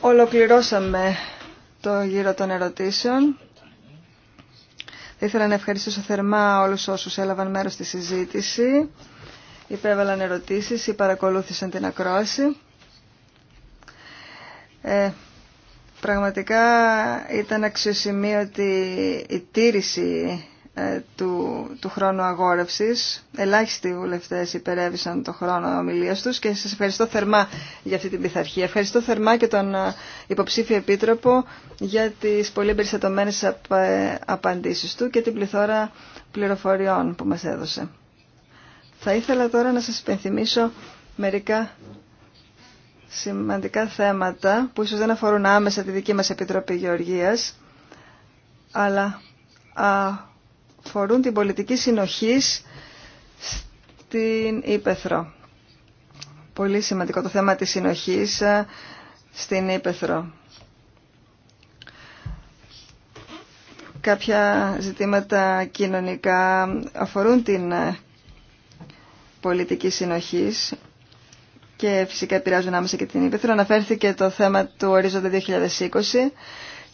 Ολοκληρώσαμε το γύρο των ερωτήσεων. Θα ήθελα να ευχαριστήσω θερμά όλους όσους έλαβαν μέρος στη συζήτηση, υπέβαλαν ερωτήσεις ή παρακολούθησαν την ακρόαση. Ε, πραγματικά ήταν αξιοσημείωτη η τήρηση ε, του, του χρόνου αγόρευσης. Ελάχιστοι βουλευτέ υπερέβησαν το χρόνο ομιλίας τους και σας ευχαριστώ θερμά για αυτή την πειθαρχία. Ευχαριστώ θερμά και τον ε, υποψήφιο επίτροπο για τις πολύ περιστατωμένες ε, απαντήσεις του και την πληθώρα πληροφοριών που μας έδωσε. Θα ήθελα τώρα να σας υπενθυμίσω μερικά σημαντικά θέματα που ίσως δεν αφορούν άμεσα τη δική μας Επιτροπή Γεωργίας αλλά αφορούν την πολιτική συνοχής στην Ήπεθρο. Πολύ σημαντικό το θέμα της συνοχής ε, στην Ήπεθρο. Κάποια ζητήματα κοινωνικά αφορούν την ε, πολιτική συνοχής και φυσικά επηρεάζουν άμεσα και την Ήπεθρο. Αναφέρθηκε το θέμα του ορίζοντα 2020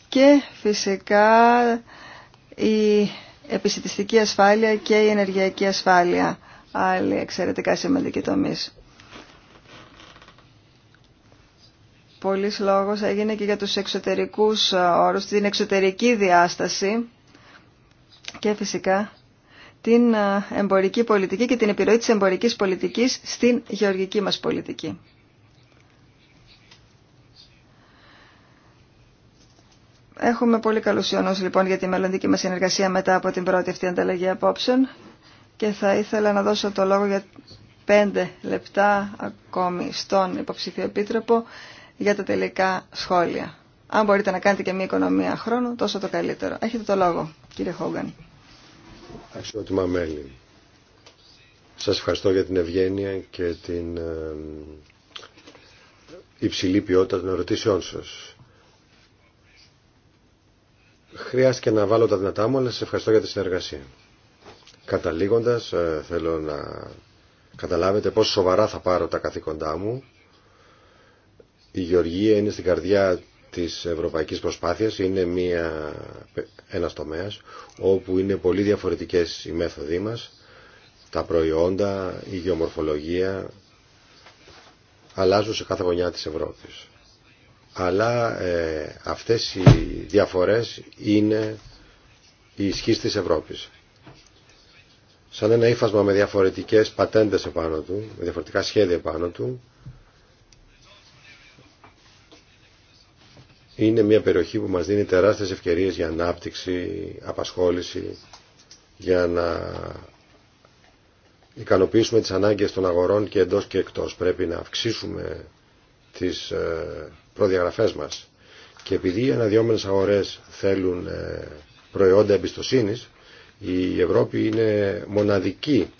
και φυσικά η επισητιστική ασφάλεια και η ενεργειακή ασφάλεια. Άλλοι εξαιρετικά σημαντικοί τομείς. Πολλής λόγος έγινε και για τους εξωτερικούς ε, όρους, την εξωτερική διάσταση και φυσικά την ε, εμπορική πολιτική και την επιρροή της εμπορικής πολιτικής στην γεωργική μας πολιτική. Έχουμε πολύ καλούς ιονούς λοιπόν για τη μελλοντική μας συνεργασία μετά από την πρώτη αυτή ανταλλαγή απόψεων και θα ήθελα να δώσω το λόγο για πέντε λεπτά ακόμη στον υποψηφίο επίτροπο για τα τελικά σχόλια. Αν μπορείτε να κάνετε και μια οικονομία χρόνου, τόσο το καλύτερο. Έχετε το λόγο, κύριε Χόγκαν. Αξιότιμα μέλη. Σας ευχαριστώ για την ευγένεια και την ε, υψηλή ποιότητα των ερωτήσεών σας. Χρειάστηκε να βάλω τα δυνατά μου, αλλά σε ευχαριστώ για τη συνεργασία. Καταλήγοντας, ε, θέλω να καταλάβετε πόσο σοβαρά θα πάρω τα καθήκοντά μου. Η Γεωργία είναι στην καρδιά της ευρωπαϊκής προσπάθειας, είναι μια, ένας τομέας όπου είναι πολύ διαφορετικές οι μέθοδοί μας, τα προϊόντα, η γεωμορφολογία αλλάζουν σε κάθε γωνιά της Ευρώπης αλλά ε, αυτές οι διαφορές είναι η ισχύς της Ευρώπης. Σαν ένα ύφασμα με διαφορετικές πατέντες επάνω του, με διαφορετικά σχέδια επάνω του, είναι μια περιοχή που μας δίνει τεράστιες ευκαιρίες για ανάπτυξη, απασχόληση, για να ικανοποιήσουμε τις ανάγκες των αγορών και εντός και εκτός. Πρέπει να αυξήσουμε τις ε, προδιαγραφές μας. Και επειδή οι αναδυόμενες αγορές θέλουν ε, προϊόντα εμπιστοσύνης, η Ευρώπη είναι μοναδική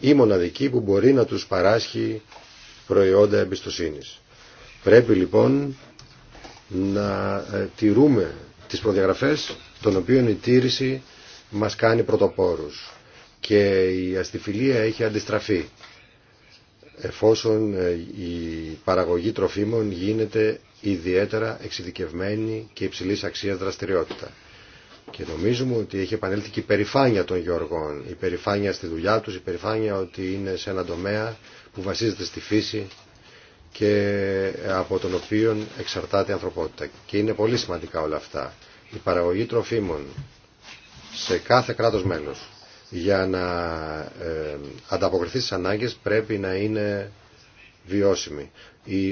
ή μοναδική που μπορεί να τους παράσχει προϊόντα εμπιστοσύνης. Πρέπει λοιπόν να ε, τηρούμε τις προδιαγραφές των οποίων η τήρηση μας κάνει πρωτοπόρους και η αστιφιλία έχει αντιστραφεί εφόσον ε, η παραγωγή τροφίμων γίνεται ιδιαίτερα εξειδικευμένη και υψηλής αξίας δραστηριότητα. Και νομίζουμε ότι έχει επανέλθει και η περηφάνεια των γεωργών, η περηφάνεια στη δουλειά τους, η περηφάνεια ότι είναι σε έναν τομέα που βασίζεται στη φύση και από τον οποίο εξαρτάται η ανθρωπότητα. Και είναι πολύ σημαντικά όλα αυτά. Η παραγωγή τροφίμων σε κάθε κράτος μέλος για να ε, ανταποκριθεί στις ανάγκες πρέπει να είναι βιώσιμη.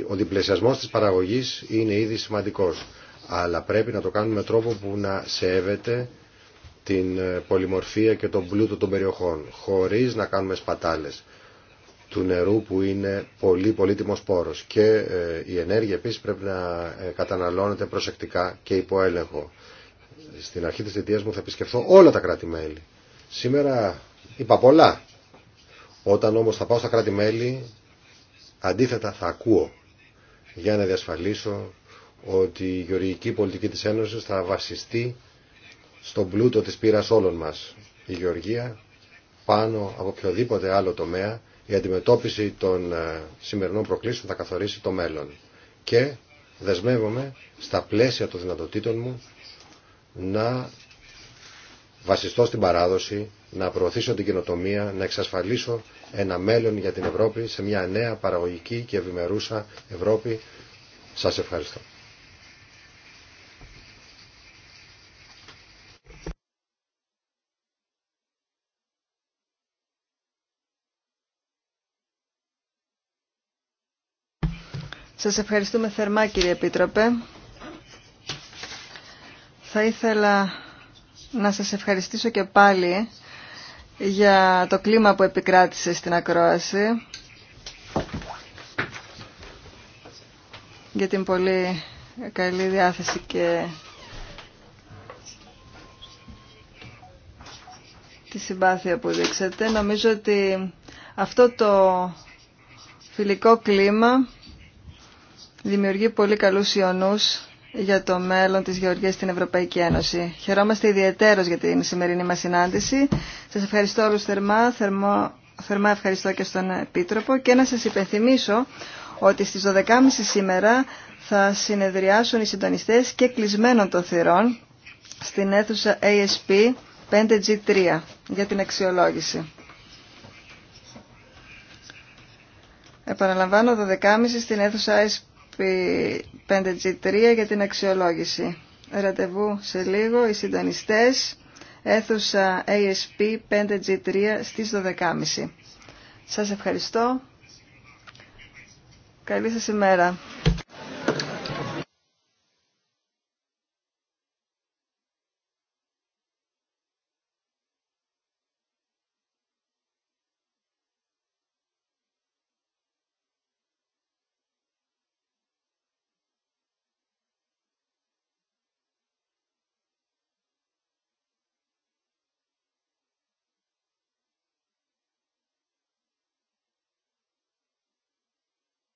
Ο διπλασιασμός της παραγωγής είναι ήδη σημαντικός, αλλά πρέπει να το κάνουμε με τρόπο που να σέβεται την ε, πολυμορφία και τον πλούτο των περιοχών, χωρίς να κάνουμε σπατάλες του νερού που είναι πολύ πολύτιμος πόρος. Και ε, η ενέργεια επίσης πρέπει να καταναλώνεται προσεκτικά και υπό Στην αρχή της θητείας μου θα επισκεφθώ όλα τα κράτη-μέλη Σήμερα είπα πολλά. Όταν όμως θα πάω στα κράτη-μέλη, αντίθετα θα ακούω για να διασφαλίσω ότι η γεωργική πολιτική της Ένωσης θα βασιστεί στον πλούτο της πείρας όλων μας. Η γεωργία πάνω από οποιοδήποτε άλλο τομέα η αντιμετώπιση των ε, σημερινών προκλήσεων θα καθορίσει το μέλλον. Και δεσμεύομαι στα πλαίσια των δυνατοτήτων μου να βασιστώ στην παράδοση, να προωθήσω την κοινοτομία, να εξασφαλίσω ένα μέλλον για την Ευρώπη σε μια νέα παραγωγική και ευημερούσα Ευρώπη. Σας ευχαριστώ. Σας ευχαριστούμε θερμά κύριε Επίτροπε. Θα ήθελα να σας ευχαριστήσω και πάλι για το κλίμα που επικράτησε στην ακρόαση, για την πολύ καλή διάθεση και τη συμπάθεια που δείξατε. Νομίζω ότι αυτό το φιλικό κλίμα δημιουργεί πολύ καλούς ιονούς για το μέλλον της Γεωργίας στην Ευρωπαϊκή Ένωση. Χαιρόμαστε ιδιαίτερος για την σημερινή μας συνάντηση. Σας ευχαριστώ όλους θερμά, θερμό, θερμά ευχαριστώ και στον Επίτροπο και να σας υπενθυμίσω ότι στις 12.30 σήμερα θα συνεδριάσουν οι συντονιστές και κλεισμένων των θυρών στην αίθουσα ASP 5G3 για την αξιολόγηση. Επαναλαμβάνω 12.30 στην αίθουσα ASP 5 5G3 για την αξιολόγηση. Ραντεβού σε λίγο οι συντονιστές αίθουσα ASP 5G3 στις 12.30. Σας ευχαριστώ. Καλή σας ημέρα.